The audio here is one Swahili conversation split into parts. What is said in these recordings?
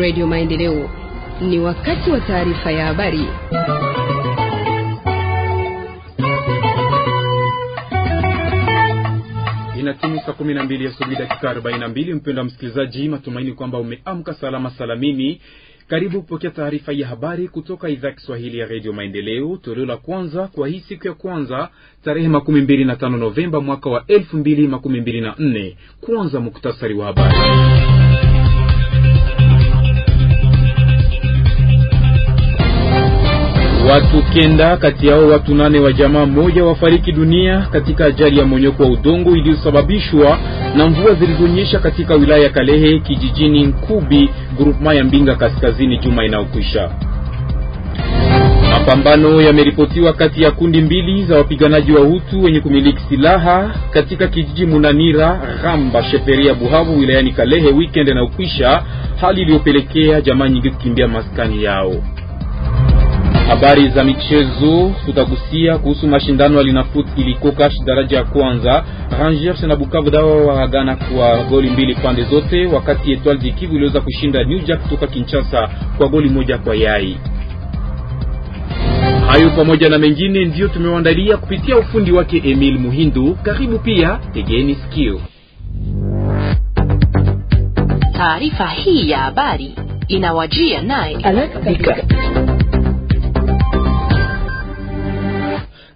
Radio Maendeleo, ni wakati wa taarifa ya habari. Inatimia saa 12 asubuhi dakika 42. Mpendwa msikilizaji, matumaini kwamba umeamka salama salamini. Karibu kupokea taarifa ya habari kutoka idhaa ya Kiswahili ya redio Maendeleo, toleo la kwanza kwa hii siku ya kwanza tarehe makumi mbili na tano Novemba mwaka wa elfu mbili makumi mbili na nne. Kwanza muktasari wa habari Watu kenda kati yao watu nane wa jamaa moja wafariki dunia katika ajali ya monyoko wa udongo iliyosababishwa na mvua zilizonyesha katika wilaya ya Kalehe kijijini Nkubi grupma ya Mbinga kaskazini juma inayokwisha. Mapambano yameripotiwa kati ya kundi mbili za wapiganaji wa Hutu wenye kumiliki silaha katika kijiji Munanira Ramba Sheperia Buhavu wilayani Kalehe weekend ukwisha, hali iliyopelekea jamaa nyingi kukimbia maskani yao. Habari za michezo, tutagusia kuhusu mashindano ya Linafoot iliko kash daraja ya kwanza. Rangers na Bukavu dawa wagana kwa goli mbili pande zote, wakati Etoile du Kivu iliweza kushinda New Jack kutoka Kinshasa kwa goli moja kwa yai. Hayo pamoja na mengine ndiyo tumewaandalia kupitia ufundi wake Emil Muhindu. Karibu pia, tegeni sikio. Taarifa hii ya habari inawajia naye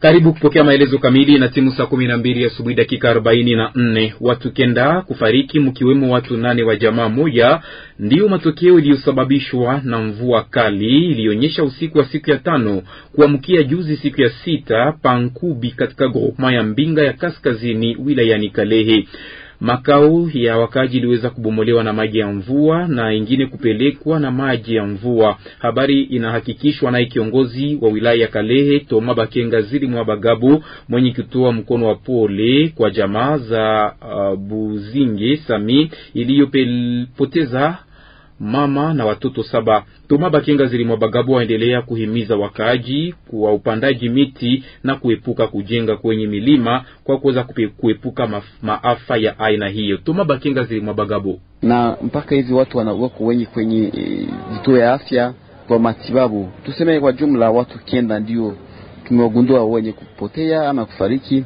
Karibu kupokea maelezo kamili. Na timu saa kumi na mbili asubuhi dakika arobaini na nne watu kenda kufariki mkiwemo watu nane wa jamaa moja, ndiyo matokeo iliyosababishwa na mvua kali iliyoonyesha usiku wa siku ya tano kuamkia juzi siku ya sita pankubi katika groupema ya Mbinga ya kaskazini wilayani Kalehe. Makao ya wakaji iliweza kubomolewa na maji ya mvua na ingine kupelekwa na maji ya mvua. Habari inahakikishwa naye kiongozi wa wilaya ya Kalehe Toma Bakenga zili mwa Bagabu mwenye kutoa mkono wa pole kwa jamaa za uh, Buzinge Sami iliyopoteza mama na watoto saba. Toma Bakenga Zilima Bagabo waendelea kuhimiza wakaaji kwa upandaji miti na kuepuka kujenga kwenye milima kwa kuweza kuepuka maf, maafa ya aina hiyo. Toma Bakenga Zilima Bagabo. Na mpaka hivi watu wanawako wengi kwenye e, vituo e, ya afya kwa matibabu. Tuseme kwa jumla watu kienda ndio tumewagundua wenye kupotea ama kufariki,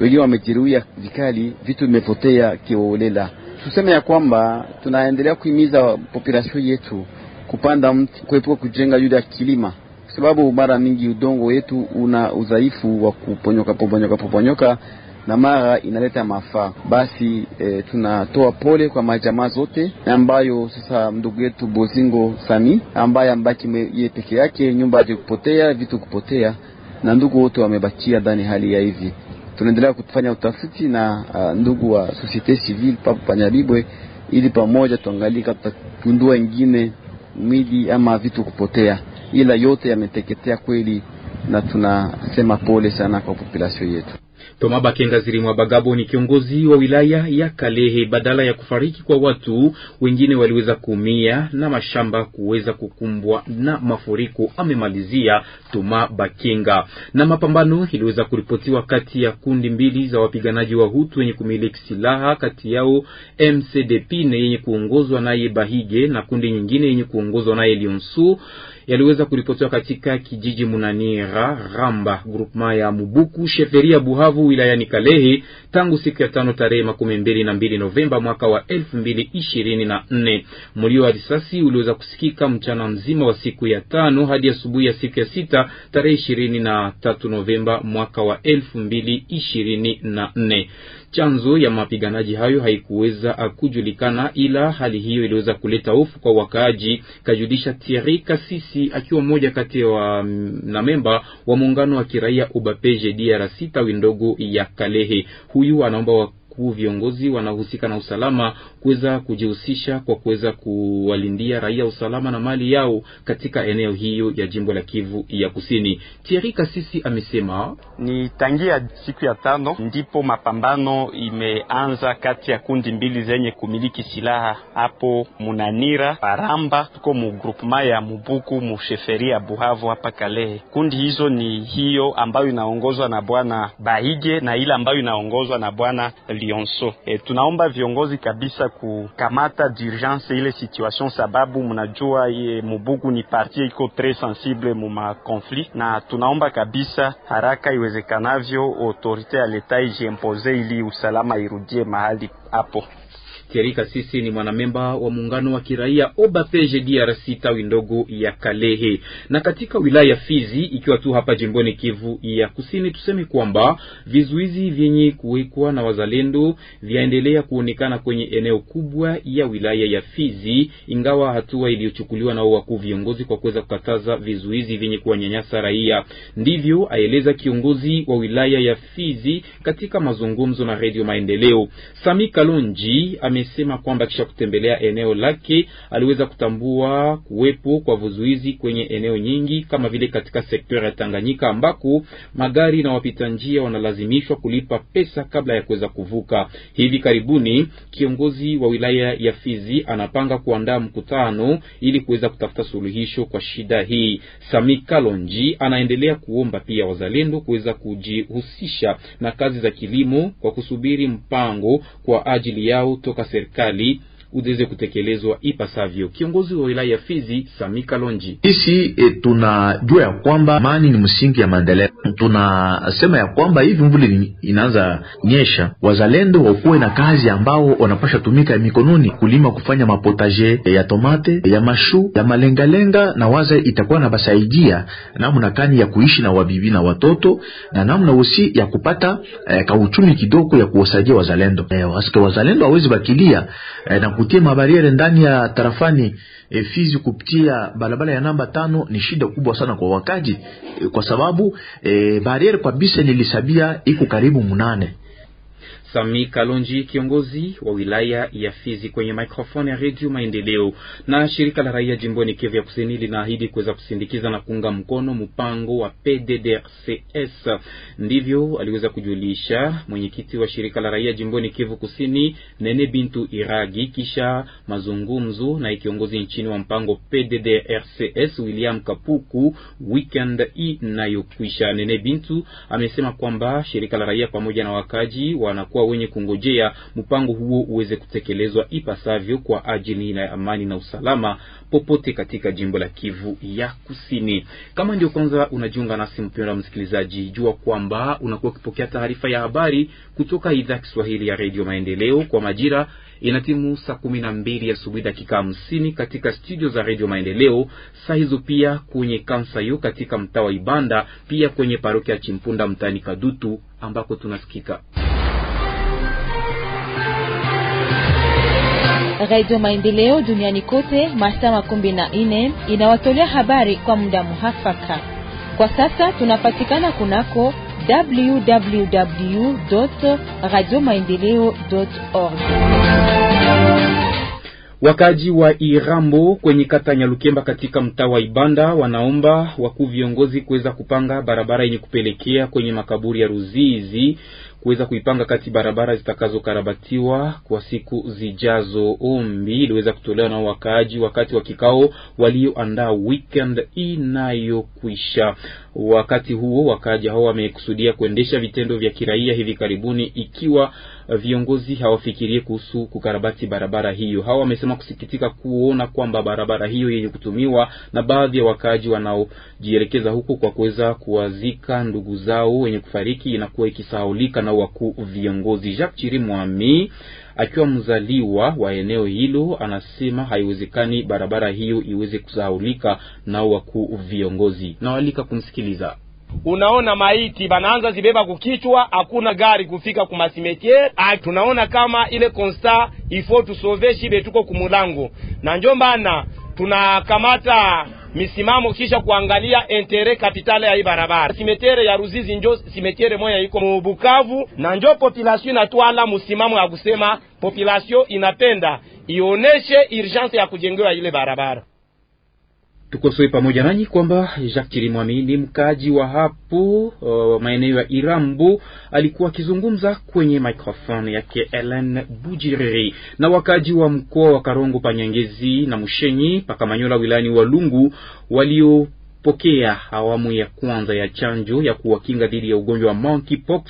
wengine wamejeruhia vikali, vitu vimepotea kiolela tuseme ya kwamba tunaendelea kuhimiza population yetu kupanda mti, kuepuka kujenga yule ya kilima, kwa sababu mara mingi udongo wetu una udhaifu wa kuponyoka poponyoka poponyoka na mara inaleta mafaa. Basi e, tunatoa pole kwa majamaa zote ambayo sasa ndugu yetu Bozingo Sami ambaye ambaki yeye peke yake, nyumba yake kupotea, vitu kupotea, na ndugu wote wamebakia ndani hali ya hivi tunaendelea kufanya utafiti na uh, ndugu wa societe civile papo Panyabibwe ili pamoja tuangalie kama tutagundua ingine mili ama vitu kupotea, ila yote yameteketea kweli, na tunasema pole sana kwa population yetu. Toma Bakenga zirimwa Bagabo ni kiongozi wa wilaya ya Kalehe. Badala ya kufariki kwa watu wengine waliweza kuumia na mashamba kuweza kukumbwa na mafuriko, amemalizia Toma Bakenga. Na mapambano iliweza kuripotiwa kati ya kundi mbili za wapiganaji wa Hutu wenye kumiliki silaha, kati yao MCDP na yenye kuongozwa naye Bahige na kundi nyingine yenye kuongozwa naye Lionsu yaliweza kuripotiwa katika kijiji Munanira Ramba, grupema ya Mubuku, sheferia Buhavu, wilayani Kalehe tangu siku ya tano tarehe makumi mbili na mbili Novemba mwaka wa elfu mbili ishirini na nne. Mlio wa risasi uliweza kusikika mchana mzima wa siku ya tano hadi asubuhi ya siku ya sita tarehe ishirini na tatu Novemba mwaka wa elfu mbili ishirini na nne. Chanzo ya mapiganaji hayo haikuweza kujulikana, ila hali hiyo iliweza kuleta hofu kwa wakaaji, kajulisha Thierry Kasisi akiwa mmoja kati wa na memba wa muungano wa kiraia Ubapeje DRC tawi ndogo ya Kalehe. huyu anaomba wakuu viongozi wanaohusika na usalama kuweza kujihusisha kwa kuweza kuwalindia raia usalama na mali yao katika eneo hiyo ya jimbo la Kivu ya Kusini. Thierry Kasisi amesema ni tangia siku ya tano ndipo mapambano imeanza kati ya kundi mbili zenye kumiliki silaha hapo Munanira Paramba, tuko mu ya Mubuku musheferi ya Buhavu hapa Kalehe. Kundi hizo ni hiyo ambayo inaongozwa na bwana Bahige na ile ambayo inaongozwa na bwana Lionso. E, tunaomba viongozi kabisa kukamata d'urgence ile situation, sababu mnajua ye Mubugu ni parti iko tres sensible muma conflit, na tunaomba kabisa haraka iwezekanavyo autorite ya leta ijiempoze ili usalama irudie mahali hapo. Thierry Kasisi ni mwanamemba wa muungano wa kiraia Obapeje DRC tawi ndogo ya Kalehe. Na katika wilaya ya Fizi, ikiwa tu hapa jimboni Kivu ya Kusini, tuseme kwamba vizuizi vyenye kuwekwa na wazalendo vyaendelea kuonekana kwenye eneo kubwa ya wilaya ya Fizi, ingawa hatua iliyochukuliwa na wakuu viongozi kwa kuweza kukataza vizuizi vyenye kuwanyanyasa raia. Ndivyo aeleza kiongozi wa wilaya ya Fizi katika mazungumzo na Redio Maendeleo. Sami Kalonji ame amesema kwamba kisha kutembelea eneo lake aliweza kutambua kuwepo kwa vuzuizi kwenye eneo nyingi kama vile katika sekta ya Tanganyika ambako magari na wapita njia wanalazimishwa kulipa pesa kabla ya kuweza kuvuka. Hivi karibuni kiongozi wa wilaya ya Fizi anapanga kuandaa mkutano ili kuweza kutafuta suluhisho kwa shida hii. Sami Kalonji anaendelea kuomba pia wazalendo kuweza kujihusisha na kazi za kilimo kwa kusubiri mpango kwa ajili yao toka cercali udeze kutekelezwa ipasavyo. Kiongozi wa wilaya ya Fizi Sami Kalonji: sisi e, tunajua ya kwamba amani ni msingi ya maendeleo. Tunasema ya kwamba hivi mvuli inaanza nyesha, wazalendo wakuwe na kazi ambao wanapasha tumika ya mikononi, kulima, kufanya mapotaje ya tomate ya mashu ya malengalenga, na waza itakuwa na basaidia namna kani ya kuishi na wabibi na watoto na namna usi ya kupata e, kauchumi kidogo ya kuwasaidia wazalendo e, wazalendo hawezi bakilia e, na kutia mabariere ndani ya tarafani e, Fizi kupitia barabara ya namba tano ni shida kubwa sana kwa wakaji e, eh, kwa sababu e, bariere kwa bise nilisabia iko karibu munane Sami Kalonji, kiongozi wa wilaya ya Fizi, kwenye mikrofoni ya Redio Maendeleo. Na shirika la raia jimboni Kivu ya Kusini linaahidi kuweza kusindikiza na kuunga mkono mpango wa PDDRCS. Ndivyo aliweza kujulisha mwenyekiti wa shirika la raia jimboni Kivu Kusini, Nene Bintu Iragi, kisha mazungumzo na kiongozi nchini wa mpango PDDRCS William Kapuku weekend inayokwisha. Nene Bintu amesema kwamba shirika la raia pamoja na wakaji wana kuwa wenye kungojea mpango huo uweze kutekelezwa ipasavyo kwa ajili ya amani na usalama popote katika jimbo la Kivu ya Kusini. Kama ndio kwanza unajiunga nasi, mpendwa msikilizaji, jua kwamba unakuwa ukipokea taarifa ya habari kutoka idhaa ya Kiswahili ya Redio Maendeleo. Kwa majira inatimu saa kumi na mbili asubuhi dakika hamsini katika studio za Redio Maendeleo, saa hizo pia kwenye Kansayo katika mtaa wa Ibanda, pia kwenye parokia ya Chimpunda mtaani Kadutu ambako tunasikika Radio Maendeleo duniani kote masaa makumi na nne inawatolea habari kwa muda muhafaka. Kwa sasa tunapatikana kunako www radio maendeleo org. Wakaji wa Irambo kwenye kata Nyalukemba katika mtaa wa Ibanda wanaomba wakuu viongozi kuweza kupanga barabara yenye kupelekea kwenye makaburi ya Ruzizi kuweza kuipanga kati barabara zitakazokarabatiwa kwa siku zijazo. Ombi iliweza kutolewa na wakaaji wakati wa kikao walioandaa weekend inayokwisha. Wakati huo wakaaji hao wamekusudia kuendesha vitendo vya kiraia hivi karibuni ikiwa viongozi hawafikirie kuhusu kukarabati barabara hiyo. Hawa wamesema kusikitika kuona kwamba barabara hiyo yenye kutumiwa na baadhi ya wakaaji wanaojielekeza huko kwa kuweza kuwazika ndugu zao wenye kufariki inakuwa ikisahaulika na wakuu viongozi. Jacques Chirimwami akiwa mzaliwa wa eneo hilo anasema haiwezekani barabara hiyo iweze kusahaulika na wakuu viongozi. nawalika kumsikiliza unaona maiti banaanza zibeba kukichwa, hakuna gari kufika kumasimetiere. Tunaona kama ile konsta ifo tusove shibe tuko kumulango, na njo mbana tunakamata misimamo kisha kuangalia entere kapitale ya hii barabara. Simetiere ya Ruzizi njo simetiere moya iko Mubukavu, na njo population inatwala musimamo ya kusema population inapenda ioneshe urgence ya kujengewa ile barabara tukosoe pamoja nanyi kwamba Jacques Chirimwami ni mkaaji wa hapo uh, maeneo ya Irambo. Alikuwa akizungumza kwenye microphone yake Ellen Bujiriri. Na wakaaji wa mkoa wa Karongo, Panyangezi na Mushenyi pakamanyola wilayani Walungu walio pokea awamu ya kwanza ya chanjo ya kuwakinga dhidi ya ugonjwa wa monkeypox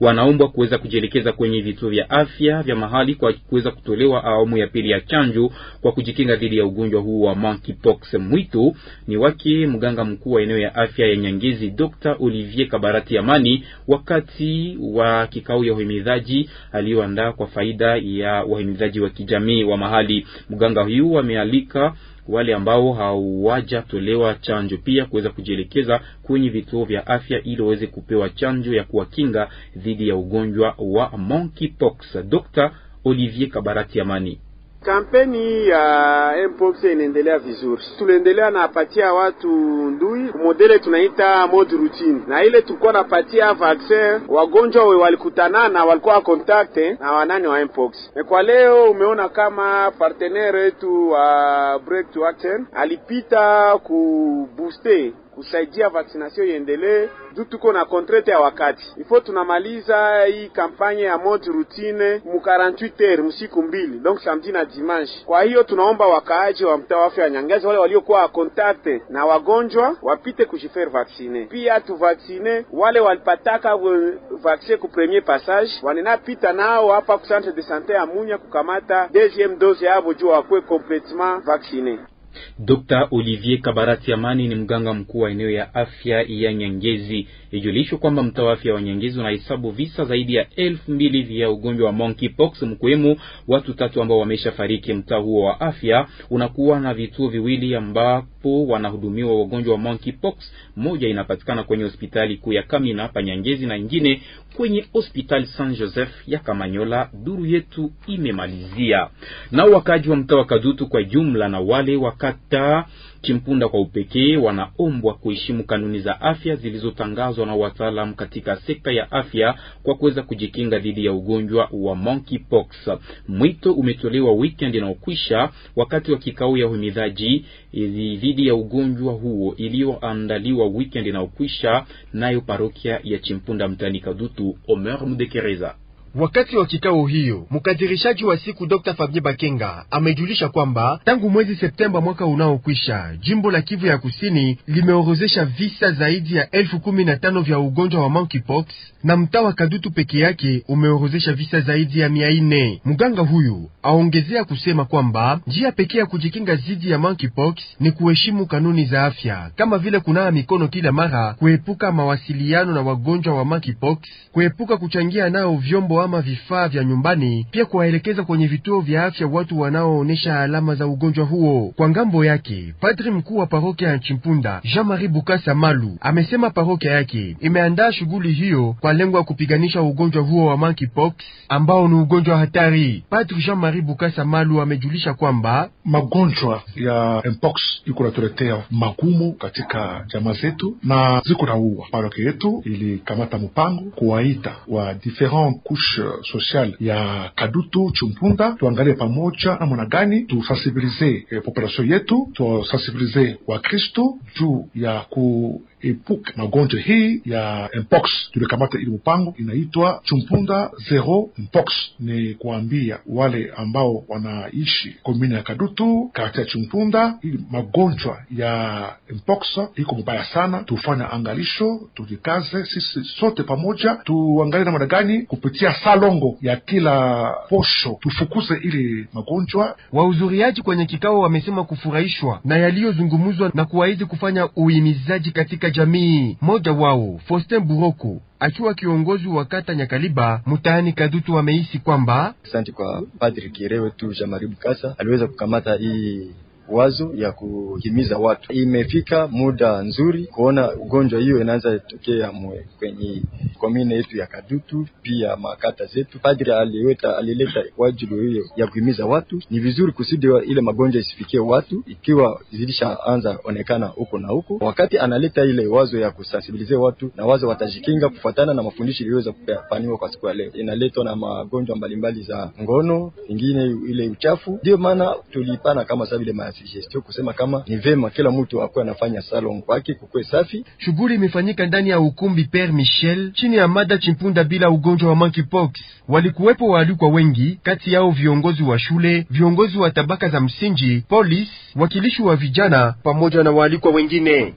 wanaombwa kuweza kujielekeza kwenye vituo vya afya vya mahali kwa kuweza kutolewa awamu ya pili ya chanjo kwa kujikinga dhidi ya ugonjwa huu wa monkeypox. Mwito ni wake mganga mkuu wa eneo ya afya ya Nyangezi Dr. Olivier Kabarati Amani wakati wa kikao ya uhimizaji aliyoandaa kwa faida ya wahimizaji wa kijamii wa mahali. Mganga huyu amealika wale ambao hawajatolewa chanjo pia kuweza kujielekeza kwenye vituo vya afya ili waweze kupewa chanjo ya kuwakinga dhidi ya ugonjwa wa monkeypox. Dr. Olivier Kabarati Amani Kampeni ya mpox inaendelea vizuri, tunaendelea napatia watu ndui modele tunaita mode routine, na ile tulikuwa napatia vaccin wagonjwa we walikutana na walikuwa contact na wanani wa mpox. Kwa leo umeona kama partenaire wetu wa to Action alipita ku kusaidia vaccination iendelee du tuko na kontrete ya wakati ifo, tunamaliza hii kampanye ya mode routine mu 48 heures msiku mbili, donc samedi na dimanche. Kwa hiyo tunaomba wakaaji wa mtaa wa afya Nyangezi, wale waliokuwa contact na wagonjwa wapite kujifaire vaksine, pia tuvaksine wale walipataka vaccine ku premier passage, wanenapita nao hapa ku centre de santé ya Munya kukamata deuxième dose yabo juu wakwe completement vaksine. Dr. Olivier Kabarati Amani ni mganga mkuu wa eneo ya afya ya Nyangezi. Ijulishwe kwamba mtaa wa afya wa Nyangezi unahesabu visa zaidi ya elfu mbili vya ugonjwa wa monkeypox, mkiwemo watu tatu ambao wameshafariki. Mtaa huo wa afya unakuwa na vituo viwili ambapo wanahudumiwa wagonjwa wa monkeypox. Moja inapatikana kwenye hospitali kuu ya Kamina hapa Nyangezi na nyingine kwenye hospitali San Joseph ya Kamanyola. Duru yetu imemalizia nao wakaaji wa mtaa wa Kadutu kwa jumla na wale wa kata Chimpunda kwa upekee wanaombwa kuheshimu kanuni za afya zilizotangazwa na wataalamu katika sekta ya afya kwa kuweza kujikinga dhidi ya ugonjwa wa monkeypox. Mwito umetolewa weekend inaokwisha wakati wa kikao ya uhimidhaji eh, dhidi ya ugonjwa huo iliyoandaliwa weekend inaokwisha nayo parokia ya Chimpunda mtani Kadutu. Omer Mudekereza Wakati wa kikao hiyo mkadirishaji wa siku Dr. Fabien Bakenga amejulisha kwamba tangu mwezi Septemba mwaka unaokwisha jimbo la Kivu ya Kusini limeorozesha visa zaidi ya elfu kumi na tano vya ugonjwa wa monkeypox na mtaa wa Kadutu peke yake umeorozesha visa zaidi ya mia nne. Mganga huyu aongezea kusema kwamba njia pekee ya kujikinga dhidi ya monkeypox ni kuheshimu kanuni za afya kama vile kunawa mikono kila mara, kuepuka mawasiliano na wagonjwa wa monkeypox, kuepuka kuchangia nao vyombo kuwagawama vifaa vya nyumbani, pia kuwaelekeza kwenye vituo vya afya watu wanaoonyesha alama za ugonjwa huo. Kwa ngambo yake, padri mkuu wa parokia ya Chimpunda Jean-Marie Bukasa Malu amesema parokia yake imeandaa shughuli hiyo kwa lengo ya kupiganisha ugonjwa huo wa monkeypox ambao ni ugonjwa hatari. Padri Jean-Marie Bukasa Malu amejulisha kwamba magonjwa ya mpox iko natuletea magumu katika jamaa zetu na ziko uwa. Parokia yetu ilikamata mpango kuwaita wa different kush recherche uh, sociale ya Kadutu Chumpunda, tuangalie pamoja namna gani tusensibilize eh, population yetu, tusensibilize Kristo juu ya ku epuke magonjwa hii ya mpox. Tulikamata ili mpango inaitwa chumpunda zero mpox, ni kuambia wale ambao wanaishi komini ya Kadutu kati ya chumpunda, ili magonjwa ya mpox iko mbaya sana. Tufanya angalisho, tujikaze sisi sote pamoja, tuangalie namna gani kupitia salongo ya kila posho tufukuze ili magonjwa. Wahudhuriaji kwenye kikao wamesema kufurahishwa na yaliyozungumzwa na kuahidi kufanya uimizaji katika jamii. Moja wao Faustin Buroko akiwa kiongozi wa kata Nyakaliba mtaani Kadutu ameishi kwamba asante kwa Padri Kirewe tu Jamaribu Kasa aliweza kukamata hii wazo ya kuhimiza watu. Imefika muda nzuri kuona ugonjwa hiyo inaanza tokea kwenye komine yetu ya Kadutu, pia makata zetu. Padri aliweta alileta wajibu hiyo ya kuhimiza watu, ni vizuri kusudi ile magonjwa isifikie watu, ikiwa zilishaanza onekana huko na huko. Wakati analeta ile wazo ya kusensibilize watu na wazo watajikinga kufuatana na mafundisho iliyoweza kupaniwa kwa siku ya leo, inaletwa na magonjwa mbalimbali za ngono, ingine ile uchafu. Ndio maana tulipana kama sababu ile gestion kusema kama ni vema kila mtu akuwe anafanya salon kwake kukuwe safi. Shughuli imefanyika ndani ya ukumbi Père Michel chini ya mada chimpunda bila ugonjwa wa monkeypox. Walikuwepo waalikwa wengi, kati yao viongozi wa shule, viongozi wa tabaka za msingi, polisi, wakilishi wa vijana pamoja na waalikwa wengine.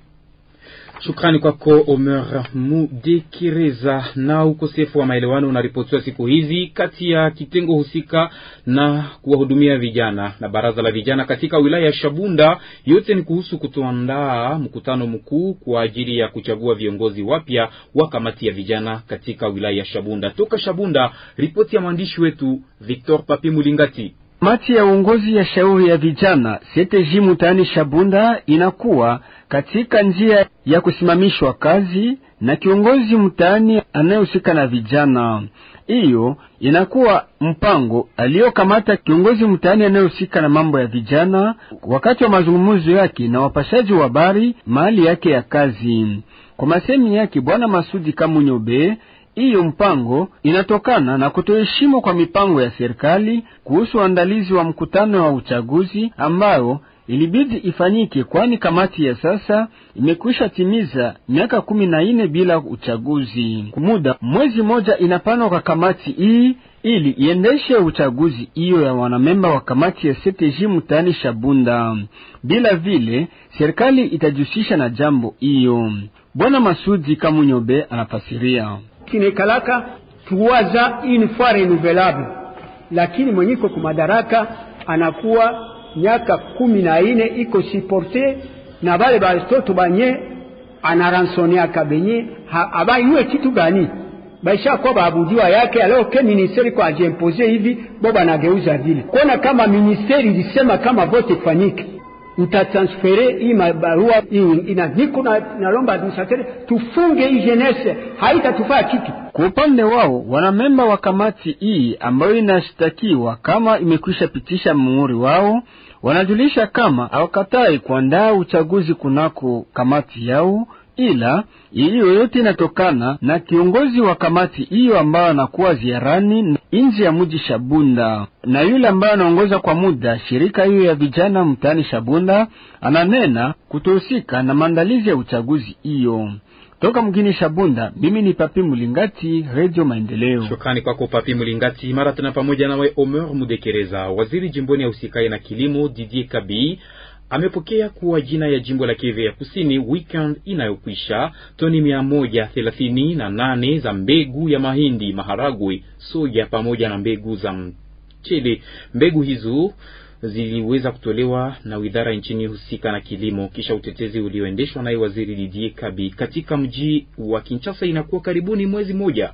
Shukrani kwako Omer Mudekireza. Na ukosefu wa maelewano unaripotiwa siku hizi kati ya kitengo husika na kuwahudumia vijana na baraza la vijana katika wilaya ya Shabunda. Yote ni kuhusu kutoandaa mkutano mkuu kwa ajili ya kuchagua viongozi wapya wa kamati ya vijana katika wilaya ya Shabunda. Toka Shabunda, ripoti ya mwandishi wetu Victor Papi Mulingati. Kamati ya uongozi ya shauri ya vijana CTJ mtaani Shabunda inakuwa katika njia ya kusimamishwa kazi na kiongozi mtaani anayehusika na vijana. Hiyo inakuwa mpango aliyokamata kiongozi mtaani anayehusika na mambo ya vijana wakati wa mazungumzo yake na wapashaji wa habari mahali yake ya kazi. Kwa masemi yake Bwana Masudi Kamunyobe, hiyo mpango inatokana na kutoheshimu kwa mipango ya serikali kuhusu uandalizi wa mkutano wa uchaguzi ambayo ilibidi ifanyike, kwani kamati ya sasa imekwisha timiza miaka kumi na nne bila uchaguzi. muda mwezi moja inapanwa kwa kamati hii ili iendeshe uchaguzi hiyo ya wanamemba wa kamati ya CTJ mtaani Shabunda. Bila vile serikali itajihusisha na jambo hiyo. Bwana Masudi Kamunyobe anafasiria qui trois ans une fois renouvelable, lakini mwenye iko kumadaraka anakuwa miaka kumi na ine iko siporte na bale batoto banye anaransoneaka benye abayue kitu gani baishakuwa baabudiwa yake aloke ministeri kwa ajiempoze hivi bo banageuza vile kuona kama ministeri ilisema kama vote ifanyike ntatransfere hii mabarua hii ina niko na nalomba administrateur tufunge hii jeunesse, haitatufaa kitu. Kwa upande wao wanamemba wa kamati hii ambayo inashtakiwa kama imekwisha pitisha muhuri wao, wanajulisha kama hawakatai kuandaa uchaguzi kunako kamati yao ila ili yoyote inatokana na kiongozi wa kamati hiyo ambayo anakuwa ziarani nje ya mji Shabunda, na yule ambaye anaongoza kwa muda shirika hiyo ya vijana mtaani Shabunda ananena kutohusika na maandalizi ya uchaguzi hiyo. Toka mgini Shabunda, mimi ni Papi Mulingati, Radio Maendeleo. Shukrani kwako Papi Mulingati. Mara tena pamoja nawe Omer Mudekereza, waziri jimboni ya usikai na kilimo Didier Kabii amepokea kuwa jina ya jimbo la Kivu ya Kusini weekend inayokwisha toni mia moja thelathini na nane za mbegu ya mahindi, maharagwe, soja pamoja na mbegu za mchele. Mbegu hizo ziliweza kutolewa na widhara nchini husika na kilimo, kisha utetezi ulioendeshwa naye waziri Didier Kabi katika mji wa Kinshasa. Inakuwa karibuni mwezi mmoja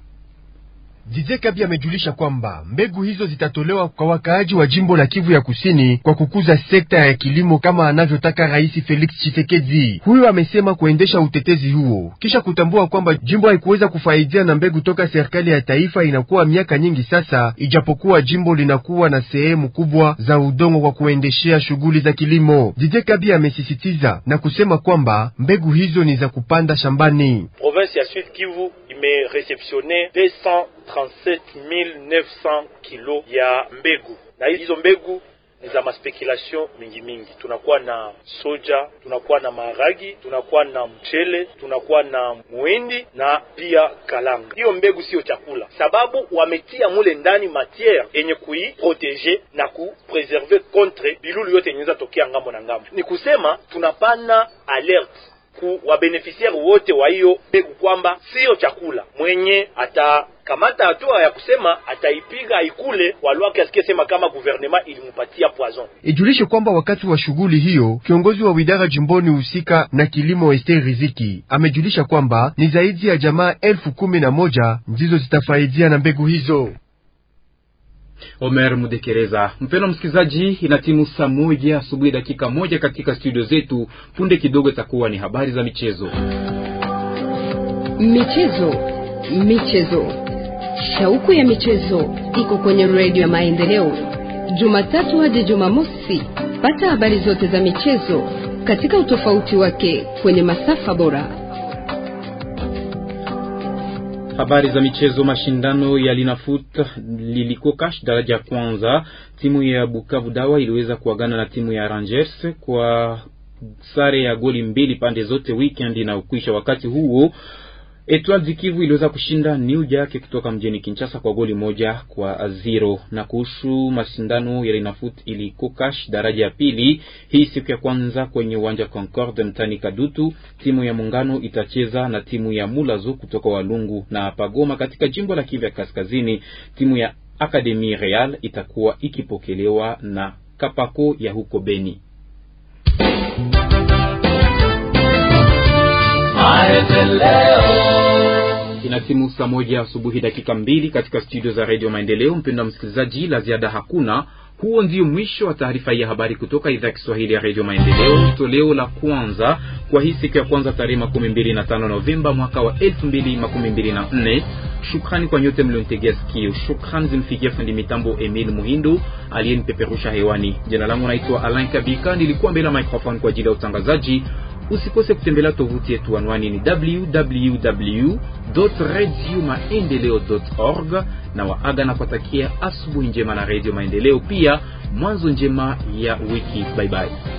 Didier Kabi amejulisha kwamba mbegu hizo zitatolewa kwa wakaaji wa jimbo la Kivu ya Kusini kwa kukuza sekta ya kilimo kama anavyotaka Rais Felix Tshisekedi. Huyo amesema kuendesha utetezi huo kisha kutambua kwamba jimbo haikuweza kufaidia na mbegu toka serikali ya taifa inakuwa miaka nyingi sasa, ijapokuwa jimbo linakuwa na sehemu kubwa za udongo kwa kuendeshea shughuli za kilimo. Didier Kabi amesisitiza na kusema kwamba mbegu hizo ni za kupanda shambani. Province ya Sud Kivu ime réceptionné 237 900 kilo ya mbegu, na hizo mbegu ni za maspekulation mingi mingi. Tunakuwa na soja, tunakuwa na maharagi, tunakuwa na mchele, tunakuwa na muhindi na pia kalanga. Hiyo mbegu siyo chakula, sababu wametia mule ndani matiere yenye kuiprotege na kupreserve contre bilulu yote yenye za tokea ngambo na ngambo. Ni kusema tunapana alerte kuwabenefisiari wote wa hiyo mbegu, kwamba siyo chakula. Mwenye atakamata hatua ya kusema ataipiga ikule waliwake asikie sema kama guvernema ilimpatia poison. Ijulishe kwamba wakati wa shughuli hiyo kiongozi wa widara jimboni husika na kilimo Esther Riziki amejulisha kwamba ni zaidi ya jamaa elfu kumi na moja ndizo zitafaidia na mbegu hizo. Omer Mudekereza. Mpendo msikilizaji, inatimu saa moja asubuhi dakika moja katika studio zetu. Punde kidogo itakuwa ni habari za michezo. Michezo, michezo, shauku ya michezo iko kwenye redio ya Maendeleo, Jumatatu hadi Jumamosi. Pata habari zote za michezo katika utofauti wake kwenye masafa bora Habari za michezo. Mashindano ya Linafoot liliko kash daraja kwanza, timu ya Bukavu Dawa iliweza kuagana na timu ya Rangers kwa sare ya goli mbili pande zote weekend na ukwisha. Wakati huo Etoile du Kivu iliweza kushinda New yake kutoka mjini Kinshasa kwa goli moja kwa zero. Na kuhusu mashindano ya Linafoot kukash daraja ya pili hii siku ya kwanza kwenye uwanja Concorde mtani Kadutu, timu ya Muungano itacheza na timu ya Mulazo kutoka Walungu, na Pagoma katika jimbo la Kivu ya Kaskazini, timu ya Academie Real itakuwa ikipokelewa na Kapako ya huko Beni. Leo Inatimu saa moja asubuhi dakika mbili katika studio za redio Maendeleo. wa msikilizaji, la ziada hakuna. Huo ndio mwisho wa taarifa ya habari kutoka idhaa ya Kiswahili ya redio Maendeleo, toleo la kwanza kwa hii siku ya kwanza tarehe makumi mbili na tano Novemba mwaka wa elfu mbili makumi mbili na nne. Shukrani kwa nyote mliontegea sikio. Shukrani zimfikia fundi mitambo Emil Muhindu aliyenipeperusha hewani. Jina langu naitwa Alain Kabika, nilikuwa mbele ya kwa ajili ya utangazaji. Usikose kutembelea tovuti yetu, anwani ni www.radiomaendeleo.org, na waaga na kuwatakia asubuhi njema na radio maendeleo, pia mwanzo njema ya wiki. Baibai, bye bye.